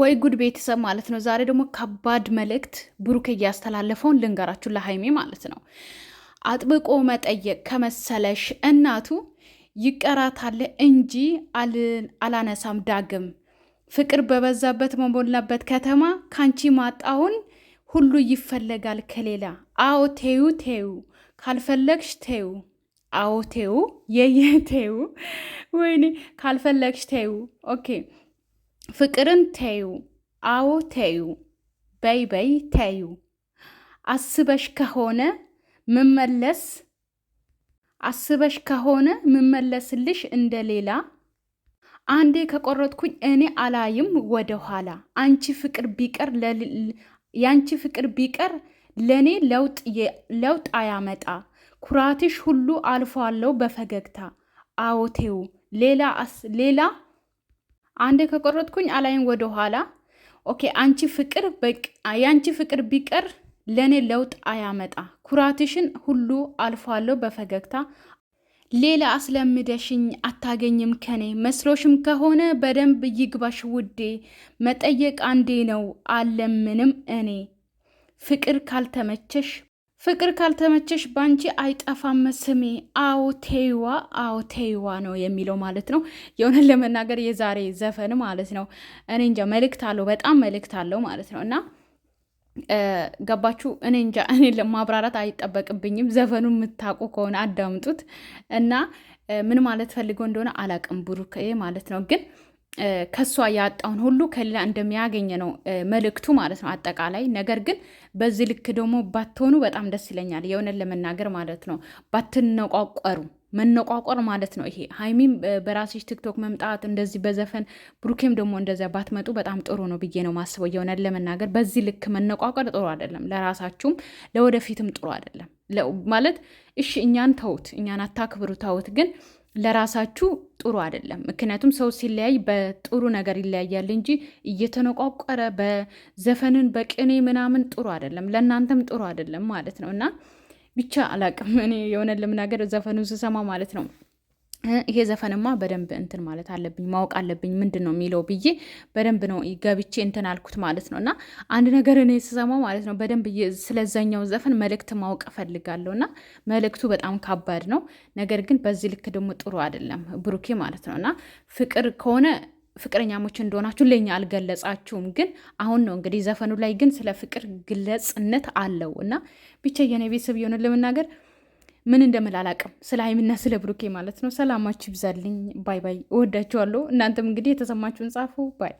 ወይ ጉድ ቤተሰብ ማለት ነው። ዛሬ ደግሞ ከባድ መልእክት ብሩክ እያስተላለፈውን ልንገራችሁ ለሀይሜ ማለት ነው። አጥብቆ መጠየቅ ከመሰለሽ እናቱ ይቀራታል እንጂ አላነሳም ዳግም ፍቅር በበዛበት መሞላበት ከተማ ካንቺ ማጣውን ሁሉ ይፈለጋል ከሌላ። አዎ ቴዩ ቴዩ ካልፈለግሽ ቴዩ አዎ ቴዩ የየ ቴዩ ወይኔ ካልፈለግሽ ቴዩ ኦኬ ፍቅርን ተዩ፣ አዎ ተዩ፣ በይ በይ ተዩ። አስበሽ ከሆነ ምመለስ አስበሽ ከሆነ ምመለስልሽ እንደሌላ አንዴ ከቆረጥኩኝ እኔ አላይም ወደኋላ አንቺ ፍቅር ቢቀር የአንቺ ፍቅር ቢቀር ለእኔ ለውጥ አያመጣ ኩራትሽ ሁሉ አልፏለው በፈገግታ አዎቴው ሌላ አንዴ ከቆረጥኩኝ አላይን ወደ ኋላ ኦኬ። አንቺ ፍቅር የአንቺ ፍቅር ቢቀር ለእኔ ለውጥ አያመጣ። ኩራትሽን ሁሉ አልፏለሁ በፈገግታ ሌላ አስለምደሽኝ አታገኝም ከኔ መስሎሽም ከሆነ በደንብ ይግባሽ ውዴ። መጠየቅ አንዴ ነው አለምንም እኔ ፍቅር ካልተመቸሽ ፍቅር ካልተመቸሽ ባንቺ አይጠፋም ስሜ። አዎ ቴይዋ፣ አዎ ቴይዋ ነው የሚለው ማለት ነው። የሆነን ለመናገር የዛሬ ዘፈን ማለት ነው። እኔ እንጃ መልእክት አለው፣ በጣም መልእክት አለው ማለት ነው እና ገባችሁ? እኔ እንጃ እኔ ለማብራራት አይጠበቅብኝም። ዘፈኑን የምታውቁ ከሆነ አዳምጡት እና ምን ማለት ፈልጎ እንደሆነ አላቅም ብሩክ ማለት ነው ግን ከእሷ ያጣውን ሁሉ ከሌላ እንደሚያገኝ ነው መልእክቱ ማለት ነው አጠቃላይ ነገር ግን በዚህ ልክ ደግሞ ባትሆኑ በጣም ደስ ይለኛል የእውነት ለመናገር ማለት ነው ባትነቋቋሩ መነቋቋር ማለት ነው ይሄ ሀይሚም በራስሽ ቲክቶክ መምጣት እንደዚህ በዘፈን ብሩኬም ደግሞ እንደዚያ ባትመጡ በጣም ጥሩ ነው ብዬ ነው ማስበው የእውነት ለመናገር በዚህ ልክ መነቋቋር ጥሩ አይደለም ለራሳችሁም ለወደፊትም ጥሩ አይደለም ማለት እሺ እኛን ተውት እኛን አታክብሩ ተውት ግን ለራሳችሁ ጥሩ አይደለም። ምክንያቱም ሰው ሲለያይ በጥሩ ነገር ይለያያል እንጂ እየተነቋቆረ በዘፈንን በቅኔ ምናምን ጥሩ አይደለም፣ ለእናንተም ጥሩ አይደለም ማለት ነው። እና ብቻ አላቅም እኔ የሆነ ልምናገር ዘፈኑን ስሰማ ማለት ነው ይሄ ዘፈንማ በደንብ እንትን ማለት አለብኝ ማወቅ አለብኝ ምንድን ነው የሚለው ብዬ በደንብ ነው ገብቼ እንትን አልኩት ማለት ነው። እና አንድ ነገር እኔ ስሰማው ማለት ነው በደንብ ስለዛኛው ዘፈን መልእክት ማወቅ እፈልጋለሁ። እና መልእክቱ በጣም ከባድ ነው፣ ነገር ግን በዚህ ልክ ደግሞ ጥሩ አይደለም ብሩኬ ማለት ነው። እና ፍቅር ከሆነ ፍቅረኛሞች እንደሆናችሁ ለኛ አልገለጻችሁም፣ ግን አሁን ነው እንግዲህ ዘፈኑ ላይ ግን ስለ ፍቅር ግለጽነት አለው እና ብቻ የኔ ቤተሰብ የሆነ ለመናገር ምን እንደምል አላቅም። ስለ ሀይሚና ስለ ብሩኬ ማለት ነው። ሰላማችሁ ይብዛልኝ። ባይ ባይ። እወዳችኋለሁ። እናንተም እንግዲህ የተሰማችሁን ጻፉ። ባይ